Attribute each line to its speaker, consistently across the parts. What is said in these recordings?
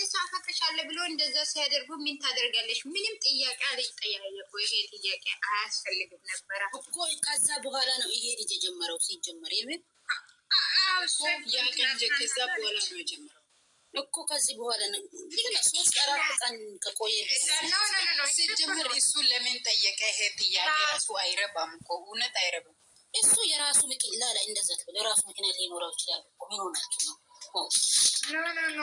Speaker 1: አንድ ሰው አፈቅርሻለሁ ብሎ እንደዛ ሲያደርጉ ምን ታደርጋለች? ምንም ጥያቄ አልጠያየቁ። ይሄ ጥያቄ አያስፈልግም ነበረ
Speaker 2: እኮ ከዛ በኋላ ነው ይሄ ልጅ የጀመረው። ሲጀመር የምን
Speaker 1: ከዛ
Speaker 2: በኋላ ነው የጀመረው እኮ ከዚህ በኋላ ነው ሶስት አራት ቀን ከቆየ ሲጀምር እሱ ለምን ጠየቀ? ይሄ ጥያቄ ራሱ አይረባም እኮ እውነት አይረባም። እሱ የራሱ ምክ ላላ እንደዛ የራሱ ምክንያት ሊኖረው ይችላል። ሆኖ ናቸው ነው
Speaker 1: ኖ ኖ ኖ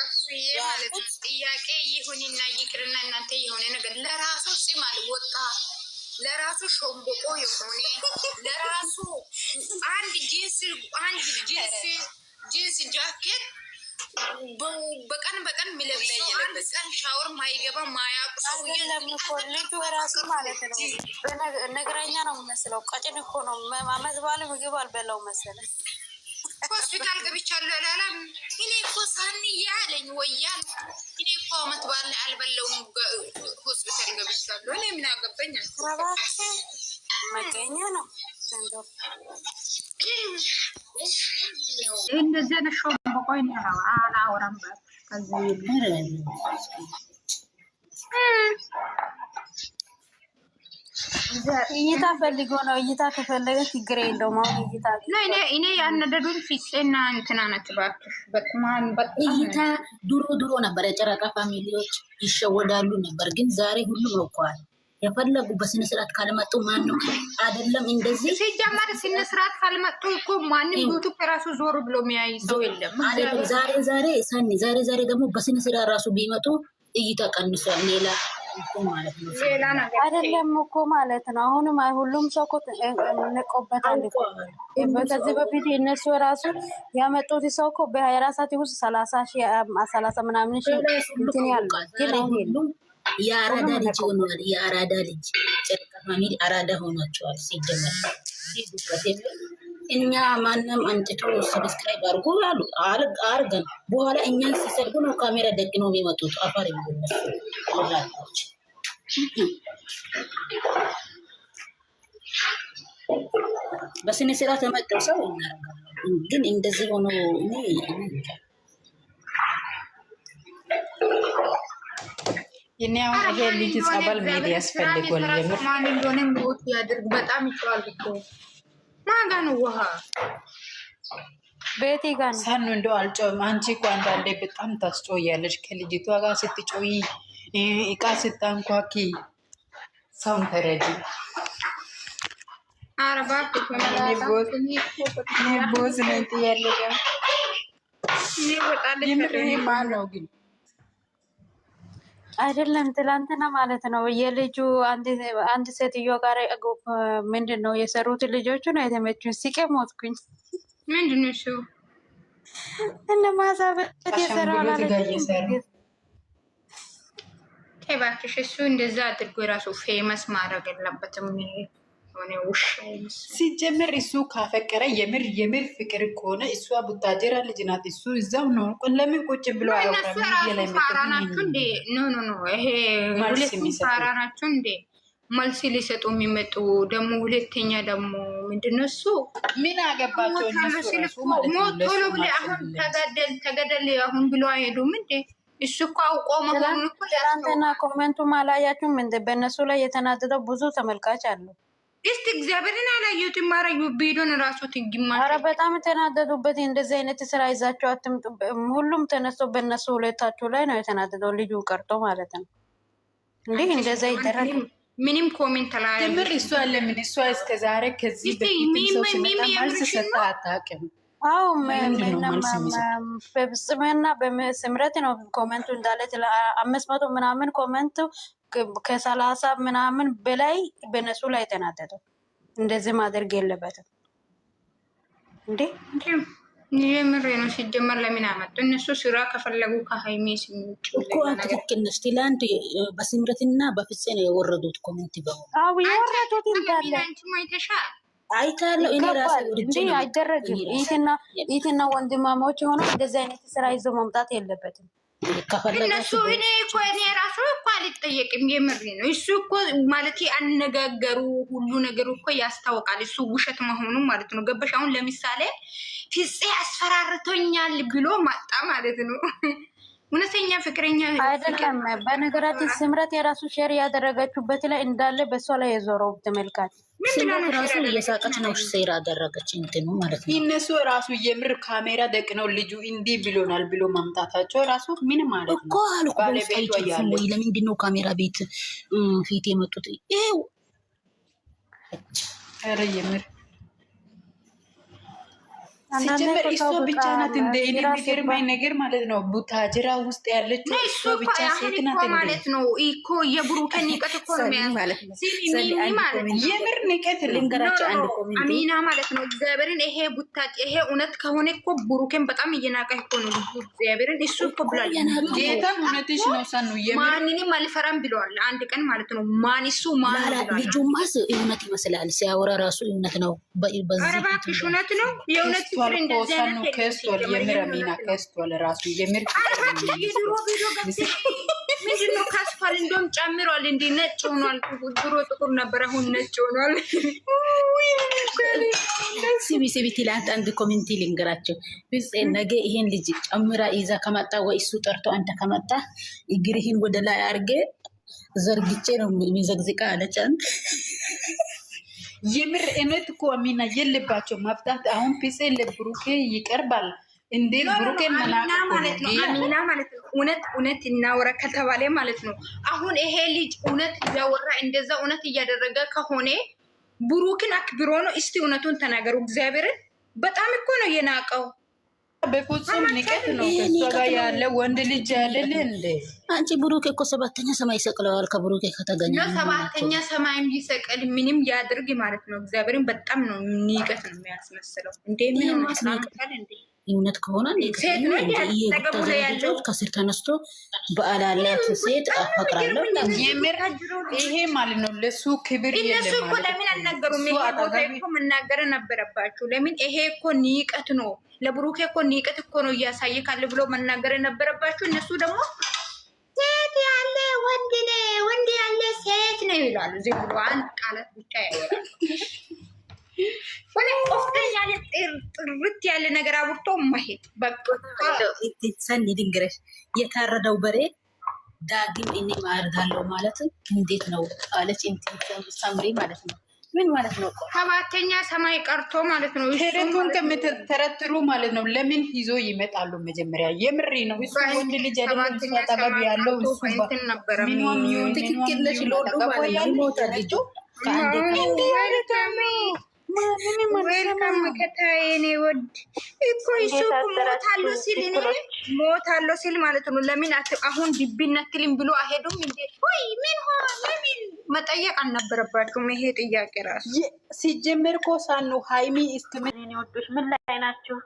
Speaker 1: አሱዬ ማለት ጥያቄ ይሁንና ይቅርና እናንተ የሆነ ነገር ለራሱ ፂም አልወጣ ለራሱ ሾምቦቆ የሆነ ለራሱ አንድ ጂንስ አንድ ጂንስ ጂንስ ጃኬት በቀን በቀን አንድ ቀን ሻወር ማይገባ
Speaker 3: ማያውቁ ልጁ ራሱ ማለት ነው። ነገረኛ ነው የሚመስለው። ቀጭን እኮ ነው። አመት ምግብ አልበላው መሰለኝ
Speaker 1: ሆስፒታል ገብቻለሁ አላለም። እኔ እኮ ሳንዬ አለኝ ወያል እኔ እኮ አመት ባለ አልበለውም ሆስፒታል ገብቻለሁ። እኔ ምን አገባኝ?
Speaker 3: መገኛ ነው እንደዚህ ነሾ በቆይ ነው አላወራም ከዚህ እይታ ፈልጎ ነው። እይታ ከፈለገ ችግር የለውም። አሁን እይታ
Speaker 1: እኔ ያነደዱን ፊስጤና እንትና ነት ናት። እባክሽ
Speaker 2: እይታ ድሮ ድሮ ነበር የጨረቃ ፋሚሊዎች ይሸወዳሉ ነበር፣ ግን ዛሬ ሁሉ አውቀዋል። የፈለጉ በስነ ካልመጡ ማን ነው አይደለም እንደዚህ
Speaker 1: ሲጀመር ስነ ካልመጡ እኮ ማንም ዩቱብ ራሱ ዞር ብሎ የሚያይ
Speaker 2: ሰው የለም። ዛሬ ዛሬ ሰኒ ዛሬ ዛሬ ደግሞ በስነ ራሱ ቢመጡ እይታ ቀንሷል ሌላ
Speaker 3: አይደለም እኮ ማለት ነው። አሁንም ሁሉም ሰው እኮ ንቆበታል። ከዚህ በፊት እነሱ የራሱ ያመጡት ሰው እኮ የራሳት ውስጥ ሰላሳ ሰላሳ ምናምን
Speaker 2: እንትን ያሉ ግን የአራዳ ልጅ ሆኗል። የአራዳ ልጅ ጨርቃ ፋሚሊ አራዳ ሆኗቸዋል ሲጀመር እኛ ማንም አንጭቶ ሰብስክራይብ አድርጎ አሉ አርገን በኋላ እኛን ሲሰድቡ ነው ካሜራ ደግ ነው የሚመጡት። አፋር የሚመስሉች በስነ ስርዓት የመጣው ሰው ግን እንደዚህ ሆኖ እኔ
Speaker 1: ይኔ አሁን ይሄ ልጅ ጸበል መሄድ ያስፈልጎል። የምር ማን እንደሆነ ያድርግ። በጣም ይጫዋል እኮ ማጋ ነው ውሃ? ቤቴ ጋር ነው። ሳኑ እንደው አልጮም። አንቺ እኮ አንዳንዴ በጣም ታስጮያለሽ። ከልጅቷ ጋር ስትጮይ፣ እቃ ስታንኳኪ ሰውን ተረጂ።
Speaker 2: ቦዝ ነጥ ያለ ግን
Speaker 3: አይደለም ትላንትና ማለት ነው። የልጁ አንድ ሴትዮ ጋር ምንድን ነው የሰሩት ልጆቹ ነው የተመችውን ሲቄ ሞትኩኝ። ምንድን ነው እሱ እንደ ማሳበት
Speaker 2: የሰራ
Speaker 1: እባክሽ፣ እሱ እንደዛ አድርጎ የራሱ ፌመስ ማድረግ የለበትም። ሆነ ውሻ
Speaker 2: ሲጀምር እሱ ካፈቀረ የምር የምር ፍቅር ከሆነ እሷ ቡታጀራ ልጅ ናት። እሱ እዛው ነው። ለምን ቁጭ
Speaker 1: ብሎ ናቸው እንዴ? መልስ ሊሰጡ የሚመጡ ደግሞ ሁለተኛ ደግሞ ምንድነው እሱ
Speaker 2: ምን አገባቸው?
Speaker 1: ቶሎ አሁን ተገደል ተገደል አሁን ብሎ አይሄዱም እንዴ? እሱ እኮ አውቆ
Speaker 3: መሆኑን ትናንትና ኮመንቱም አላያችሁም እንዴ? በእነሱ ላይ የተናደደው ብዙ ተመልካች አለው።
Speaker 1: እስቲ እግዚአብሔርን አላየሁት ኧረ ቢሄዱን ራሱት ትግማ
Speaker 3: አረ በጣም የተናደዱበት እንደዚህ አይነት ስራ ይዛቸው አትምጡ። ሁሉም ተነስቶ በእነሱ ሁለታችሁ ላይ ነው የተናደደው፣ ልጁ ቀርቶ ማለት ነው። እንዲህ እንደዛ ይደረግ
Speaker 1: ምንም ኮሜንት ላይ
Speaker 2: ትምር እሷ ለምን እሷ እስከ ዛሬ ከዚህ በፊት ሰው ሲመጣ መልስ አታውቅም። አዎ በብጽምና በስምረት ነው ኮመንቱ እንዳለ አምስት መቶ ምናምን ኮመንቱ ከሰላሳ ምናምን በላይ በነሱ ላይ ተናጠጠው። እንደዚህ ማድረግ የለበትም እንዴ! የምሬ ነው። ሲጀመር ለምን አመጡ? እነሱ ስራ ከፈለጉ ከሀይሜ ስሚጭ ትክክል ነሽ። ትላንት በስምረትና በፍፄ ነው የወረዱት ኮሚኒቲ በሆነ የወረዱት እንዳለ አይተሻል። አይታለሁ እኔ ራሴ ወርጄ አይደረግም። ይትና ወንድማማዎች የሆነው እንደዚህ አይነት ስራ ይዞ መምጣት የለበትም። እነሱ እኔ እኮ እኔ ራሱ እኮ አልጠየቅም። የምሬ ነው። እሱ እኮ ማለት አነጋገሩ ሁሉ ነገሩ እኮ ያስታውቃል፣ እሱ ውሸት መሆኑ ማለት ነው። ገበሽ አሁን ለምሳሌ ፊጼ አስፈራርቶኛል ብሎ ማጣ ማለት ነው እውነተኛ ፍቅረኛ አይደለም። በነገራችን ስምረት የራሱ ሼር ያደረገችበት ላይ እንዳለ በእሷ ላይ የዞረው ተመልካች ስምረት ራሱ እየሳቀች ነው ሼር ያደረገች እንትኑ ማለት ነው። እነሱ ራሱ የምር ካሜራ ደቅ ነው ልጁ እንዲህ ብሎናል ብሎ ማምጣታቸው ራሱ ምን ማለት ነው እኮ አልኩ። ለምንድን ነው ካሜራ ቤት ፊት የመጡት? ይሄው ኧረ የምር ሲጀመር እሷ ብቻ ናት እንደ እኔ የሚገርመኝ ነገር ማለት ነው። ቡታጅራ ውስጥ ያለችው እሷ ብቻ ሴት ናት ማለት ነው እኮ የብሩኬን ንቀት እኮ ነው ማለት ነው። የምር ንቀት ልንገራቸው አንድ አሚና ማለት ነው። እግዚአብሔርን ይሄ ቡታ ይሄ እውነት ከሆነ እኮ ብሩኬን በጣም እየናቀ እኮ ነው እግዚአብሔርን እሱ እኮ ብሏል። ጌታን እውነትሽ ነው ሰኑ ማንንም አልፈራም ብለዋል። አንድ ቀን ማለት ነው ማን እሱ ማን ልጁ ማስ እውነት ይመስላል ሲያወራ ራሱ እውነት ነው። በዚህ እውነት ነው የእውነት ከስቷል እኮ ሳኑ ከስቷል፣ የምር አሚና ከስቷል። ራሱ የምር ምንድን ነው ካስፋል? እንደውም ጨምሯል። እንደ ነጭ ሆኗል። ድሮ ጥቁር ነበር፣ አሁን ነጭ ሆኗል። ሲቢ ሲቢ ትላንት አንድ ኮሚኒቲ ልንገራቸው ፍፄ ነገ ይሄን ልጅ ጨምራ ይዛ ከመጣ ወይ እሱ ጠርቶ አንተ ከመጣ እግርህን ወደ ላይ አርጌ ዘርግቼ ነው የሚዘግዝቃ አለች የምር እመት እኮ ሚና የለባቸው መፍታት አሁን ፒሴ ለብሩኬ ይቀርባል እንዴ ብሩኬ ማለት ነው አሚና ማለት ነው እውነት እውነት እናወራ ከተባለ ማለት ነው አሁን ይሄ ልጅ እውነት እያወራ እንደዛ እውነት እያደረገ ከሆነ ብሩክን አክብሮ ነው እስቲ እውነቱን ተናገሩ እግዚአብሔርን በጣም እኮ ነው የናቀው በፍጹም ንቀት ነው ከሷ ያለ ወንድ ልጅ ያለል እንዴ አንቺ ብሩኬ እኮ ሰባተኛ ሰማይ ይሰቅለዋል። ከብሩኬ ከተገኘ ሰባተኛ ሰማይም ይሰቅል ምንም ያድርግ ማለት ነው። እግዚአብሔርን በጣም ነው ንቀት ነው የሚያስመስለው እንዴ ምን ማስናቀል እንዴ እውነት ከሆነ እየጎተት ከስር ተነስቶ በአላላት ሴት አፈቅራለሁ ይሄ ማለት ነው። ለሱ ክብር እነሱ እኮ ለምን አልነገሩም? ይሄ ቦታ እኮ መናገር ነበረባችሁ። ለምን ይሄ እኮ ንቀት ነው፣ ለብሩኬ እኮ ንቀት እኮ ነው እያሳየ ካለ ብሎ መናገር ነበረባችሁ። እነሱ ደግሞ ሴት ያለ ወንድ ነ ወንድ ያለ ሴት ነው ይላሉ። ዝም ብሎ አንድ ቃላት ብቻ ያወራል። ያለ ጥርት ያለ ነገር አውርቶ መሄድ ሰን ድንግረሽ የታረደው በሬ ዳግም እኔ ማርዳለው ማለት እንዴት ነው አለች። ሳምሪ ማለት ነው ምን ማለት ነው? ሰባተኛ ሰማይ ቀርቶ ማለት ነው። ተረቱን ከምትተረትሩ ማለት ነው። ለምን ይዞ ይመጣሉ? መጀመሪያ የምሪ ነው። እሱ ወንድ ልጅ ጠበብ ያለው ትክክል ነሽ። ሎዱ ማለት ሞተ ልጁ ወልካም ከታይ እኔ ወድ እኮ ይሱ ሞታለሁ ሲል እኔ ሞታለሁ ሲል ማለት ነው። ለምን አሁን ቢቢነትልም ብሎ አሄዱም እንዴ? ወይ ምን ሆ ለምን መጠየቅ አልነበረባችሁም? ይሄ ጥያቄ ራሱ ሲጀመር እኮ ሳኑ ሃይሚ እስትምን ወዶች ምን ላይ ናችሁ?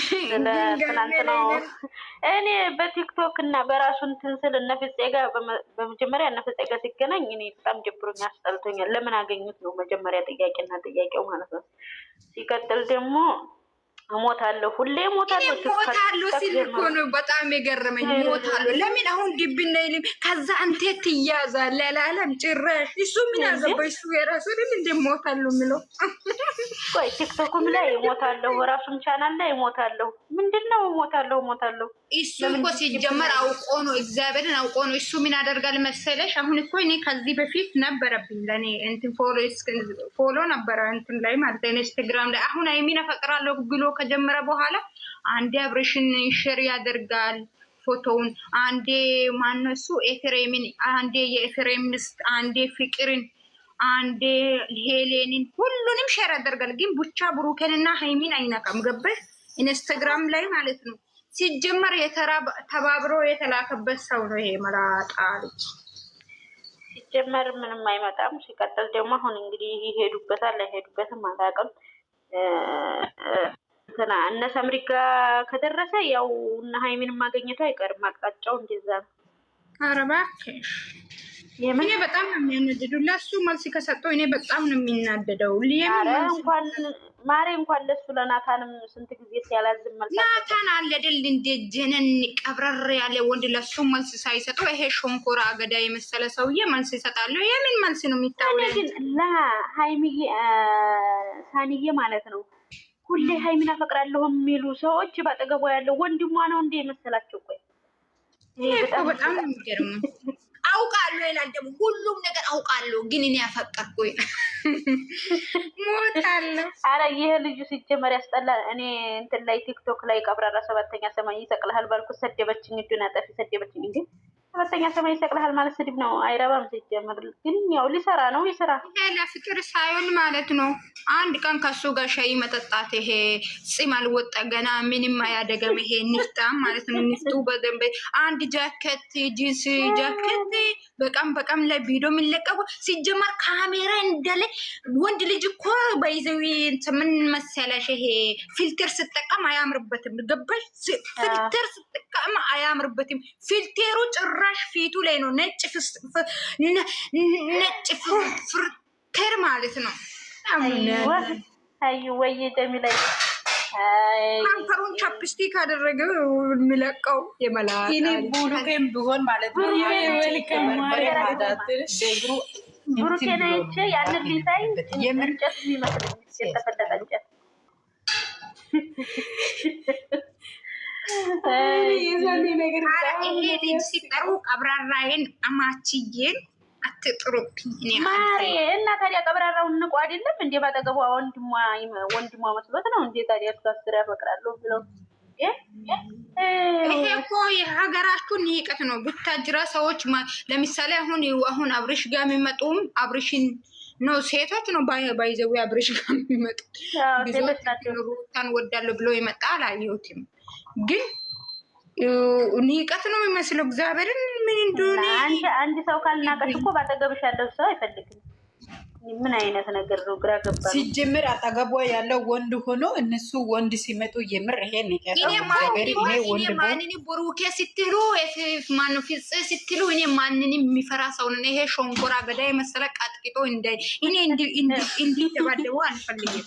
Speaker 2: ስለትናንትናው እኔ በቲክቶክ እና በራሱ እንትን ስል እነ ፍፄ በመጀመሪያ እነ ፍፄ ሲገናኝ እኔ በጣም ጀብሮኝ አስጠልቶኛል። ለምን አገኙት ነው መጀመሪያ ጥያቄና ጥያቄው ማለት ነው። ሲቀጥል ደግሞ እሞታለሁ፣ ሁሌ እሞታለሁ እሞታለሁ ሲል እኮ ነው በጣም የገረመኝ። እሞታለሁ ለምን አሁን ድብና ይልም ከዛ አንተ ትያዛለ ለላለም ጭራሽ እሱ ምን ያዘበው እሱ የራሱ እንደ እንደሞታለሁ ምለው ይ ቲክቶክም ላይ ሞታለሁ ራሱም ቻናል ላይ ሞታለሁ። ምንድን ነው ሞታለሁ ሞታለሁ? እሱ እኮ ሲጀመር አውቆ ነው እግዚአብሔርን አውቆ ነው። እሱ ምን አደርጋል መሰለሽ? አሁን እኮ እኔ ከዚህ በፊት ነበረብኝ ለእኔ እንትን ፎሎ ነበረ እንትን ላይ ማለት ኢንስትግራም ላይ አሁን አይሚን አፈቅራለሁ ብሎ ከጀመረ በኋላ አንዴ አብሬሽን ሼር ያደርጋል ፎቶውን፣ አንዴ ማነሱ ኤፍሬምን፣ አንዴ የኤፍሬም ምስት፣ አንዴ ፍቅርን፣ አንዴ ሄሌንን ሁሉንም ሼር ያደርጋል። ግን ብቻ ብሩኬንና ሀይሚን አይነካም። ገበህ ኢንስታግራም ላይ ማለት ነው። ሲጀመር ተባብሮ የተላከበት ሰው ነው ይሄ መላጣ ልጅ። ሲጀመር ምንም አይመጣም። ሲቀጥል ደግሞ አሁን እንግዲህ ይሄዱበታል አይሄዱበትም አላውቅም። እነ ሰምሪ ጋ ከደረሰ ያው እነ ሀይሚን ማገኘቱ አይቀርም። አቅጣጫው እንደዛ ነው። ኧረ እኔ በጣም ነው የሚያናድደው። ለሱ መልስ ከሰጠው እኔ በጣም ነው የሚናደደው። እንኳን ማሬ እንኳን ለሱ ለናታንም ስንት ጊዜ ሲያላዝም መልስ ናታን አለ አይደል እንደ ጀነን ቀብረር ያለ ወንድ ለሱ መልስ ሳይሰጠው ይሄ ሾንኮራ አገዳ የመሰለ ሰውዬ መልስ ይሰጣለሁ። የምን መልስ ነው የሚታወ ግን ለሀይሚዬ ሳኒዬ ማለት ነው ሁሌ ሀይሚን አፈቅራለሁ የሚሉ ሰዎች በአጠገቧ ያለው ወንድሟ ነው እንዴ የመሰላቸው? ቆይ በጣም የሚገርመው አውቃለሁ ይላል ደግሞ ሁሉም ነገር አውቃለሁ፣ ግን እኔ ያፈቀርኩ ሞታለሁ። አረ ይህ ልጁ ሲጀመር ያስጠላል። እኔ እንትን ላይ ቲክቶክ ላይ ቀብራራ ሰባተኛ ሰማኝ ይሰቅልሃል ባልኩ ሰደበችኝ፣ እጁን አጠፊ ሰደበችኝ እንዴ ሁለተኛ ሰማይ ይሰቅልሃል ማለት ስድብ ነው። አይረባም። ሲጀምር ግን ያው ሊሰራ ነው ይስራ። ይሄ ለፍቅር ሳይሆን ማለት ነው። አንድ ቀን ከሱ ጋር ሻይ መጠጣት፣ ይሄ ፂም አልወጣ ገና ምንም አያደገም። ይሄ ንፍጣም ማለት ነው። ንፍጡ በደንብ አንድ ጃኬት፣ ጂንስ ጃኬት በቀም በቀም ላይ ቪዲዮ የሚለቀቁ ሲጀመር ካሜራ እንደለ ወንድ ልጅ እኮ በይዘዊ ምን መሰለሽ፣ ይሄ ፊልተር ስጠቀም አያምርበትም። ገባሽ? ፊልተር ስጠቀም አያምርበትም። ፊልተሩ ጭራ ጭራሽ ፊቱ ላይ ነው ነጭ ነጭ ፍርክር ማለት ነው። ወይ ጀሚላ ከንፈሩን ቻፕስቲክ አደረገ የሚለቀው የመላቡሩኬን ቢሆን ማለት ነው። ብሩኬን አይቼ ያንን ዲዛይን እንጨት የሚመስለኝ የተፈለጠ እንጨት ይሄ ልጅ ሲጠሩ ቀብራራዬን አማችዬን አትጥሩብኝ። ማሬ እና ታዲያ ቀብራራውን ንቁ አይደለም እንዴ? ባጠገቧ ወንድሟ መስሎት ነው እንዴ? ታዲያ ብለው ይሄ እኮ የሀገራችን ንቀት ነው። ቡታጅራ ሰዎች ለምሳሌ አሁን አሁን አብርሽ ጋር የሚመጡም አብርሽን ነው ሴቶች ነው ባይዘዊ አብርሽ ጋር የሚመጡ ብዙ ሩታን ወዳለሁ ብሎ ይመጣ አላየሁትም። ግን ንቀት ነው የሚመስለው። እግዚአብሔርን ምን እንደሆነ አንድ ሰው ካልናቀሽ እኮ ባጠገብሽ ያለው ሰው አይፈልግም። ምን አይነት ነገር ነው? ግራ ገባ። ሲጀምር አጠገቧ ያለው ወንድ ሆኖ እነሱ ወንድ ሲመጡ የምር ይሄን ማንን ቡሩኬ ስትሉ ማን ፍጽ ስትሉ እኔ ማንን የሚፈራ ሰው ነኝ። ይሄ ሾንኮራ ገዳ የመሰለ ቃጥቂጦ እንደ እኔ እንዲ ተባደቡ አልፈልግም።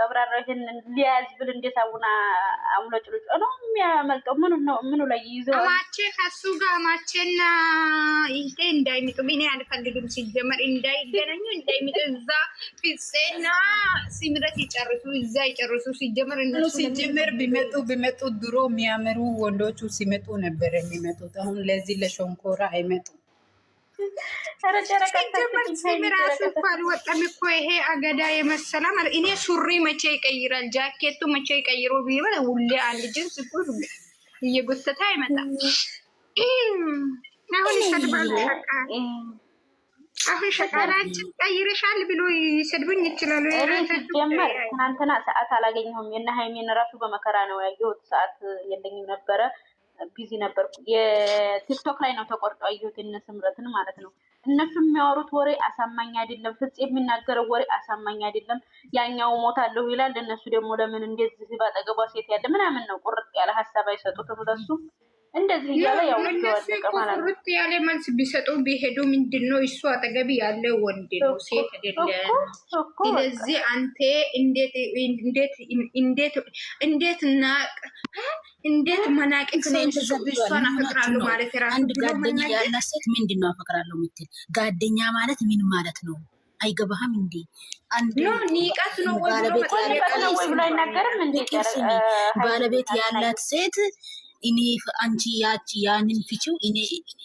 Speaker 2: ቀብራራ ይህን ሊያዝ ብል እንዴት አቡና አሙለጭልጮ ነው የሚያመልጠው? ምኑ ነው ምኑ ላይ ይዘው አማቼ ከሱ ጋር አማቼና ይሄ እንዳይሚጡ እኔ አልፈልግም። ሲጀመር እንዳይገናኙ እንዳይሚጡ፣ እዛ ፍፄና ሲምረት ይጨርሱ፣ እዛ ይጨርሱ። ሲጀመር እነሱ ሲጀመር ቢመጡ ቢመጡ ድሮ የሚያምሩ ወንዶቹ ሲመጡ ነበር የሚመጡት። አሁን ለዚህ ለሸንኮራ አይመጡም። አልወጣም እኮ ይሄ አገዳ የመሰለ ማለት እኔ ሱሪ መቼ ይቀይራል? ጃኬቱ መቼ ይቀይሮ ሁሌ አንድ ጅንስ እየጎተተ አይመጣም። አሁን አሁን ሸቃላችን ቀይርሻል ብሎ ይሰድቡኝ ይችላሉ። ጀመር ትናንትና ሰዓት አላገኘሁም። የእነ ሀይሜን ራሱ በመከራ ነው ያየሁት። ሰዓት የለኝም ነበረ ቢዚ ነበርኩ። የቲክቶክ ላይ ነው ተቆርጦ አየሁት፣ የእነ ስምረትን ማለት ነው። እነሱ የሚያወሩት ወሬ አሳማኝ አይደለም። ፍጽ የሚናገረው ወሬ አሳማኝ አይደለም። ያኛው ሞታለሁ ይላል፣ እነሱ ደግሞ ለምን እንደዚህ ባጠገቧ ሴት ያለ ምናምን ነው። ቁርጥ ያለ ሀሳብ አይሰጡትም እነሱ እንደዚህ እያለ ያው ያለ መልስ ቢሰጡ ቢሄዱ ምንድን ነው እሱ አጠገብ ያለ ወንድ ነው፣ ሴት አይደለም። ስለዚህ አንተ እንዴት እንዴት እንዴት እና እንዴት ነው? ሰውሷን አፈቅራለሁ ማለት የራሱ አንድ ጋደኛ ያላት ሴት ምንድን ነው አፈቅራለሁ የምትል ጋደኛ ማለት ምን ማለት ነው? አይገባህም እንዴ? ንቀት ነው ወይ? ባለቤት ያላት ሴት እኔ አንቺ ያቺ ያንን ፍቺው እኔ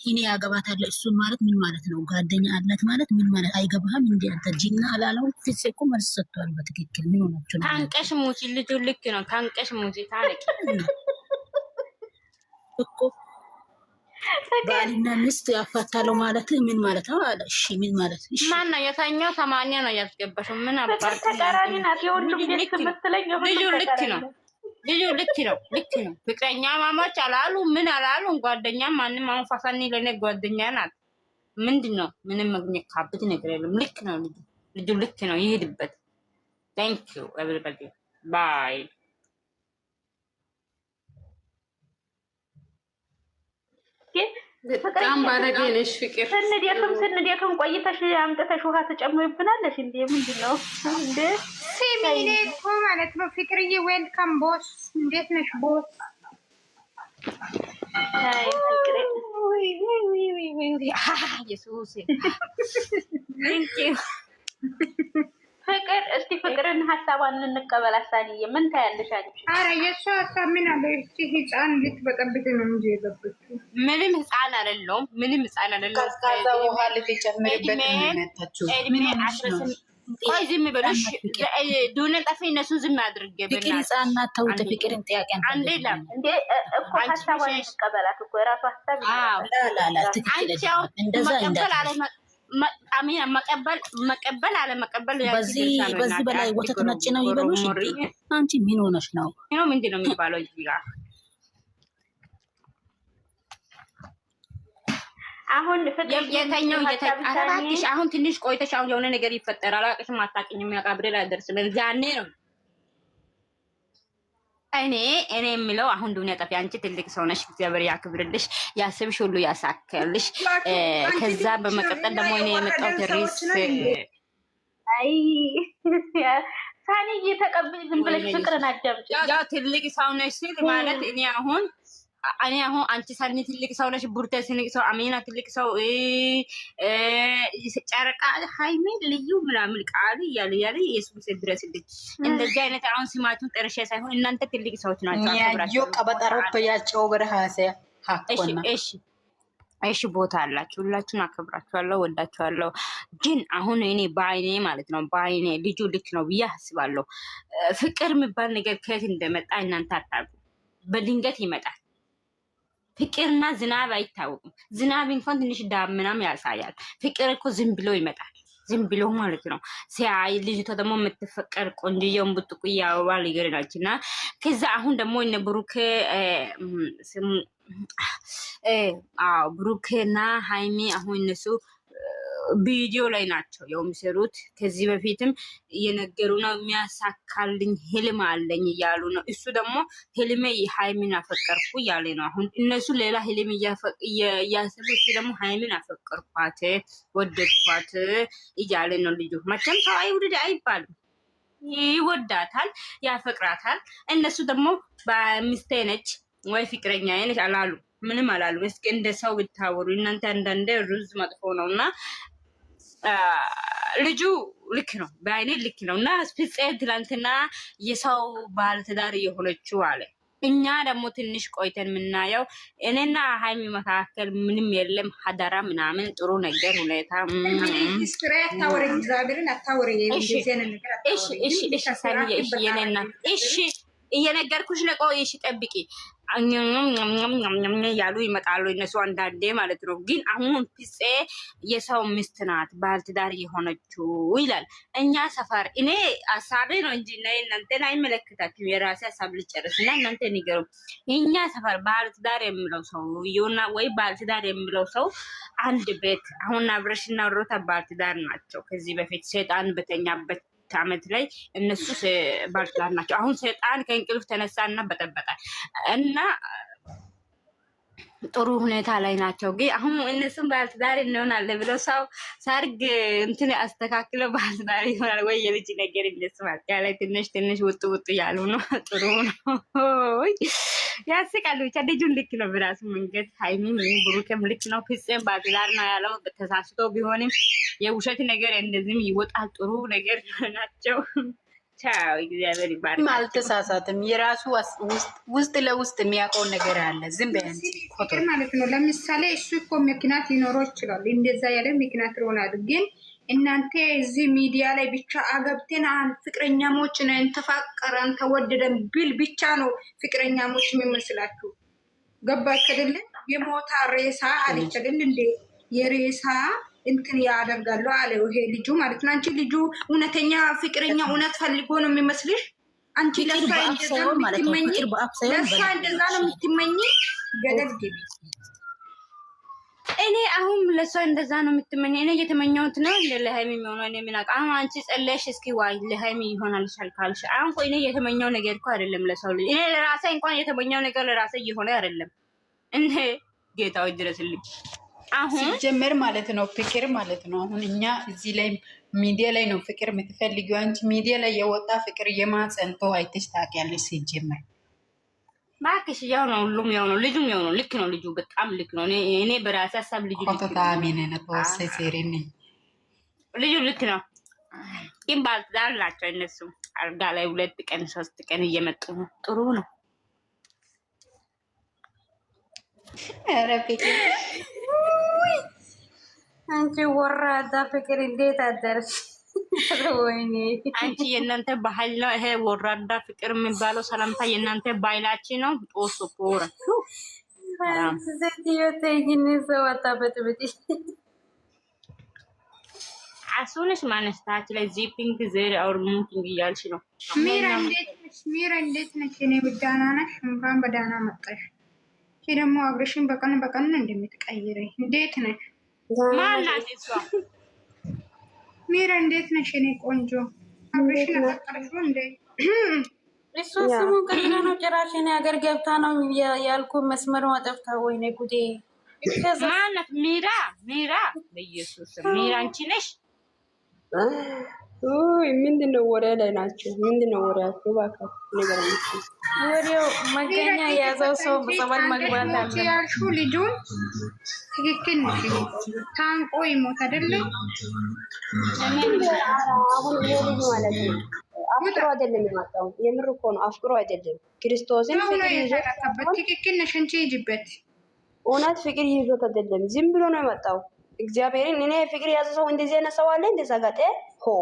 Speaker 2: እኔ ያገባታለሁ እሱን ማለት ምን ማለት ነው? ጓደኛ አላት ማለት ምን ማለት አይገባህም እንዴ? አንተ ጅና አላለው ፊት እኮ መልስ ሰጥቷል። በትክክል ምን ሆናችሁ ነው? ታንቀሽ ሙጪ ልጁ ልክ ነው። ታንቀሽ ሙጪ ታነቂ እኮ ባልና ሚስት ያፋታለው ማለት ምን ማለት ነው? አለ እሺ፣ ምን ማለት ነው? እሺ፣ ማን ነው ሰማንያ ነው ያስገባሽው። ምን አባር ልክ ነው። ልዩ ልክ ነው። ልክ ነው። ፍቅረኛ ማማች አላሉ ምን አላሉ። ጓደኛ ማንም አሁን ፋሳኒ ለእኔ ጓደኛ ናት። ምንድን ነው ምንም መግኘት ካብት ነገር የለም። ልክ ነው። ልጁ ልክ ነው። ይሄድበት። ታንኪዩ ኤቨሪባዲ ባይ በጣም ባለጌ ነሽ ፍቅር። ስንዴክም ስንዴክም ቆይተሽ አምጥተሽ ውሃ ተጨምሪብናለሽ። እንደ ምንድን ነው እንደ ሲሚ እኔ እኮ ማለት ነው ፍቅርዬ፣ ዌልካም ቦስ፣ እንዴት ነሽ ቦስ? ኢየሱስ ፍቅር እስቲ ፍቅርን ሀሳቧን እንቀበል። አሳኒዬ ምን ታያለሽ አንቺ? ኧረ የእሷ ሀሳብ ምን አለ? እስቲ ህፃን ልትበጠብጥ ነው እንጂ የገባችው ምንም ህፃን አይደለሁም። ምንም ህፃን አይደለሁም። ከዛ ውሃ ልትጨምርበት እድሜ ቆይ ዝም በሉሽ። ዱነ ጠፊ እነሱን ዝም አድርግ። ፍቅር ህፃና ናት። ተውት። ፍቅርን ጥያቄ አንዴ እንዴ እኮ ሀሳቧን እንቀበላት እኮ የራሱ ሀሳብ ይላል። ላላ ትክክል እንደዛ እንዳ መቀበል መቀበል በዚህ በላይ ወተት ነጭ ነው ይበሉሽ። አንቺ ምን ሆነሽ ነው? ምንድን ነው የሚባለው? አሁን አሁን ትንሽ ቆይተሽ አሁን የሆነ ነገር ይፈጠራል። አላቅሽም፣ አታውቂኝም። ያቃብሬል አይደርስም ዛኔ ነው እኔ እኔ የምለው አሁን ዱኒያ ጠፊ፣ አንቺ ትልቅ ሰው ነሽ። እግዚአብሔር ያክብርልሽ፣ ያስብሽ ሁሉ ያሳክልሽ። ከዛ በመቀጠል ደግሞ እኔ የመጣሁት ሪስ ሳኒ እየተቀብል ዝም ብለሽ ፍቅርን አዳምጪ። ያው ትልቅ ሰው ነሽ ሲል ማለት እኔ አሁን እኔ አሁን አንቺ ሰኒ ትልቅ ሰው ነሽ፣ ቡርቴ ትልቅ ሰው፣ አሜና ትልቅ ሰው፣ ጨረቃ ሀይሜ ልዩ ምናምን ቃሉ እያሉ እያሉ የሱስ ድረስልኝ። እንደዚህ አይነት አሁን ስማቱን ጠርሼ ሳይሆን እናንተ ትልቅ ሰዎች ናቸው። ቀበጠሮ ያቸው ገደ ሀያሰ እሺ እሺ ቦታ አላችሁ። ሁላችሁን አከብራችኋለሁ፣ ወዳችኋለሁ። ግን አሁን እኔ በአይኔ ማለት ነው በአይኔ ልጁ ልክ ነው ብዬ አስባለሁ። ፍቅር የሚባል ነገር ከየት እንደመጣ እናንተ አታውቁም። በድንገት ይመጣል። ፍቅርና ዝናብ አይታወቅም። ዝናብ እንኳን ትንሽ ዳምናም ያሳያል። ፍቅር እኮ ዝም ብሎ ይመጣል። ዝም ብሎ ማለት ነው። ሲያይ ልጅቷ ደግሞ የምትፈቀር ቆንጆየውን ብጥቁ አበባ ሊገር ናች እና ከዛ አሁን ደግሞ እነ ብሩክ ብሩክና ሀይሚ አሁን እነሱ ቪዲዮ ላይ ናቸው ያው የሚሰሩት። ከዚህ በፊትም እየነገሩ ነው የሚያሳካልኝ ህልም አለኝ እያሉ ነው። እሱ ደግሞ ህልሜ ሀይሚን አፈቀርኩ እያለ ነው። አሁን እነሱ ሌላ ህልም እያሰቡ እሱ ደግሞ ሀይሚን አፈቀርኳት፣ ወደድኳት እያለ ነው ልጁ። መቼም ሰው አይውድድ አይባልም። ይወዳታል፣ ያፈቅራታል። እነሱ ደግሞ በሚስቴ ነች ወይ ፍቅረኛ ነች አላሉ ምንም አላሉ። እስኪ እንደ ሰው ብታወሩ እናንተ አንዳንዴ ሩዝ መጥፎ ነው እና ልጁ ልክ ነው፣ በአይኔ ልክ ነው። እና ፍፄ ትላንትና የሰው ባለትዳር የሆነችው አለ። እኛ ደግሞ ትንሽ ቆይተን የምናየው እኔና ሀይሚ መካከል ምንም የለም ሀዳራ ምናምን ጥሩ ነገር ሁኔታ እሺ እየነገርኩሽ ነው። ቆይ እሺ ጠብቂ ያሉ ይመጣሉ እነሱ አንዳንዴ ማለት ነው። ግን አሁን ፍፄ የሰው ሚስት ናት ባልትዳር የሆነችው ይላል። እኛ ሰፈር እኔ ሀሳቤ ነው እንጂ እናንተን አይመለከታችሁም። የራሴ ሀሳብ ልጨርስ እና እናንተ ንገሩ። እኛ ሰፈር ባልትዳር የምለው ሰው ይሁና ወይ ባልትዳር የምለው ሰው አንድ ቤት አሁን አብረሽና ሮታ ባልትዳር ናቸው። ከዚህ በፊት ሴጣን በተኛበት ሁለት ዓመት ላይ እነሱ ባልትዳር ናቸው። አሁን ሰይጣን ከእንቅልፍ ተነሳ እና በጠበጣል እና ጥሩ ሁኔታ ላይ ናቸው። ግን አሁን እነሱም ባለትዳር እንሆናለን ብለው ሰው ሰርግ እንትን አስተካክሎ ባለትዳር ይሆናል ወይ የልጅ ነገር እነሱ ማልቂያ ላይ ትንሽ ትንሽ ውጡ ውጡ እያሉ ነው። ጥሩ ነው፣ ያስቃሉ። ብቻ ልጁን ልክ ነው በራሱ መንገድ ሃይሚም ብሩክም ልክ ነው። ፍፄም ባለትዳር ነው ያለው ተሳስቶ ቢሆንም የውሸት ነገር እንደዚህም ይወጣል። ጥሩ ነገር ናቸው። አልተሳሳትም። የራሱ ውስጥ ለውስጥ የሚያውቀው ነገር አለ። ዝም በፍቅር ማለት ነው። ለምሳሌ እሱ እኮ መኪናት ሊኖረው ይችላል። እንደዛ ያለ መኪናት ይሆናል። ግን እናንተ እዚህ ሚዲያ ላይ ብቻ አገብተን ፍቅረኛሞች ነን ተፋቀረን ተወደደን ብል ብቻ ነው ፍቅረኛሞች የሚመስላችሁ። ገባ አይደለም? የሞታ ሬሳ አለች እንዴ የሬሳ እንትን ያደርጋሉ አለ ይሄ ልጁ ማለት ነው። አንቺ ልጁ እውነተኛ ፍቅረኛ እውነት ፈልጎ ነው የሚመስልሽ። አንቺ ለእሷ እንደዛ ነው የምትመኝ፣ ለእሷ ገደል ግቢ። እኔ አሁን ለሷ እንደዛ ነው የምትመኝ። እኔ እየተመኘሁት ነው ለሃይሚ የሚሆነው። እኔ ምን አውቃለሁ? አሁን አንቺ ጸለሽ እስኪ ዋይ ለሃይሚ ይሆናል ካልሽ፣ አሁን እኮ እኔ እየተመኘው ነገር እኮ አይደለም ለሰው ልጅ። እኔ ለራሴ እንኳን የተመኘው ነገር ለራሴ እየሆነ አይደለም። እኔ ጌታዎች ድረስልኝ አሁን ሲጀመር ማለት ነው ፍቅር ማለት ነው። አሁን እኛ እዚህ ላይ ሚዲያ ላይ ነው ፍቅር የምትፈልጊው አንቺ። ሚዲያ ላይ የወጣ ፍቅር የማጸንቶ አይተሽ ታውቂያለሽ? ሲጀመር እባክሽ ያው ነው፣ ሁሉም ያው ነው፣ ልጁም ያው ነው። ልክ ነው፣ ልጁ በጣም ልክ ነው። እኔ በራሴ ሀሳብ ልጁ ልጁ ልክ ነው፣ ግን ባልትዳር ናቸው እነሱ። አልጋ ላይ ሁለት ቀን ሶስት ቀን እየመጡ ነው። ጥሩ ነው። አንቺ ወራዳ ፍቅር እንዴት አደርሽ? ወይኔ አንቺ የእናንተ ባህል ነው ይሄ ወራዳ ፍቅር የሚባለው ሰላምታ፣ የእናንተ ባህላችን ነው። ጦስ ፖራ ዘትዮ ተይኝ ሰው አታበጥብጥ። አሱንሽ ማነስታች ላይ ዚፒንግ ዘር አውር እያልሽ ነው። ሚራ እንዴት ነሽ? ሚራ እንዴት ነሽ? እኔ በዳና ነሽ። እንኳን በዳና መጣሽ። ይሄ ደግሞ አብረሽን በቀን በቀን እንደምትቀይረኝ እንዴት ነ ማናት እሷ? ሚራ እንዴት ነሽ? እኔ ቆንጆ አብረሽን አቀርሽ እንዴ? እሱ ስሙ ቀጥሎ ነው። ጭራሽ እኔ ሀገር ገብታ ነው ያልኩ መስመር ወጠፍታ። ወይኔ ጉዴ! ማናት? ሚራ ሚራ፣ በኢየሱስ ሚራ አንቺ ነሽ? ምንድነው ወሬ ላይ ናቸው? ምንድነው ወሬያቸው? እባክህ ንገረኝ። ወዲያው መገኛ የያዘው ሰው ጸበል መግባት አለ ያልሽው ልጁን ትክክል ታንቆ ይሞት አይደለ? አፍቅሮ አይደለም የመጣው፣ የምር እኮ ነው። አፍቅሮ አይደለም ክርስቶስን ፍቅር ይዘበት። ትክክል ነሽ እንጂ ሂጂበት። እውነት ፍቅር ይዞት አይደለም፣ ዝም ብሎ ነው የመጣው። እግዚአብሔርን እኔ ፍቅር የያዘ ሰው እንደዚህ አይነት ሰው አለ እንደዛ ጋጤ ሆ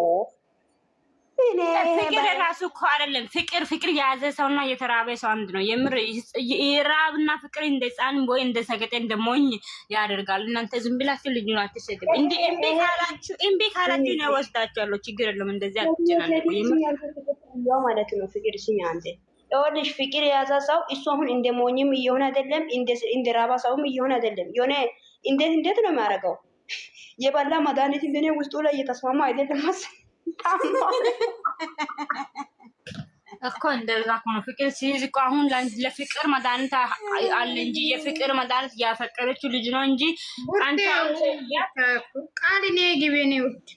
Speaker 2: ፍቅር ራሱ እኮ አይደለም ፍቅር ፍቅር የያዘ ሰውና የተራበ ሰው አንድ ነው። የምር የራብና ፍቅር እንደ ህፃን ወይ እንደ ሰገጤ እንደ ሞኝ ያደርጋል። እናንተ ዝም ብላችሁ ልጅ ነው እንዲ እምቢ ካላችሁ እምቢ ካላችሁ ነው ወስዳችኋለሁ። ችግር የለም። እንደዚህ ማለት ነው። ፍቅር ሲ ፍቅር የያዘ ሰው እሱ አሁን እንደ ሞኝም እየሆነ አይደለም፣ እንደ ራባ ሰውም እየሆነ አይደለም። የሆነ እንዴት እንዴት ነው የሚያደርገው የባላ መድኃኒት እንደኔ ውስጡ ላይ እየተስማማ አይደለም መሰለኝ እኮ እንደዛ ነው ፍቅር ሲይዝ እኮ አሁን ለፍቅር መድኃኒት አለ እንጂ የፍቅር መድኃኒት ያፈቀረችው ልጅ ነው እንጂ ቃል ኔ ግቤኔ ውድ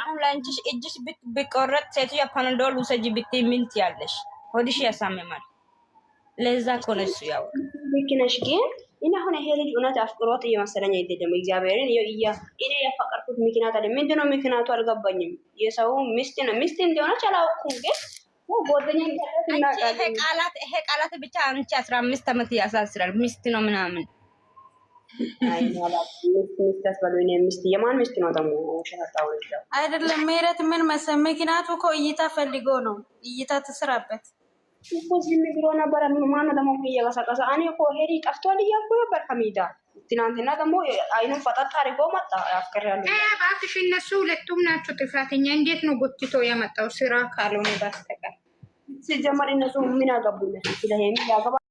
Speaker 2: አሁን ለአንቺ እጅሽ ብቆረጥ ሴትዮ ፓናዶል ውሰጂ ብት ምንት ያለሽ ሆድሽ ያሳምማል። ለዛ እኮ ነው እሱ ያው ልክ ነሽ ግን እና አሁን ይሄ ልጅ እውነት አፍቅሮት እየመሰለኝ አይደለም። እግዚአብሔርን እኔ ያፈቀርኩት ምክንያት አለ። ምንድነው ምክንያቱ አልገባኝም። የሰው ሚስት ነው ሚስት እንደሆነች አላውኩም፣ ግን ይሄ ቃላት ብቻ አንቺ አስራ አምስት ዓመት ያሳስራል። ሚስት ነው ምናምን አይደለም። ምህረት ምን መሰለህ ምክንያቱ እኮ እይታ ፈልጎ ነው። እይታ ትስራበት እኮ ዝም ብሎ ነበር። ማን ደግሞ እየቀሰቀሰ እኔ እኮ ሄሪ ጠፍቷል እያልኩ ነበር ከሜዳ። ትናንትና ደግሞ አይኑን ፈጠጥ አድርጎ መጣ። አፍቅር ያሉ እባክሽ፣ እነሱ ሁለቱም ናቸው ጥፋተኛ። እንዴት ነው ጎትቶ የመጣው ስራ ካልሆነ በስተቀር? ሲጀመር እነሱ ምን አገቡለት? ስለ ሄሚ ያገባ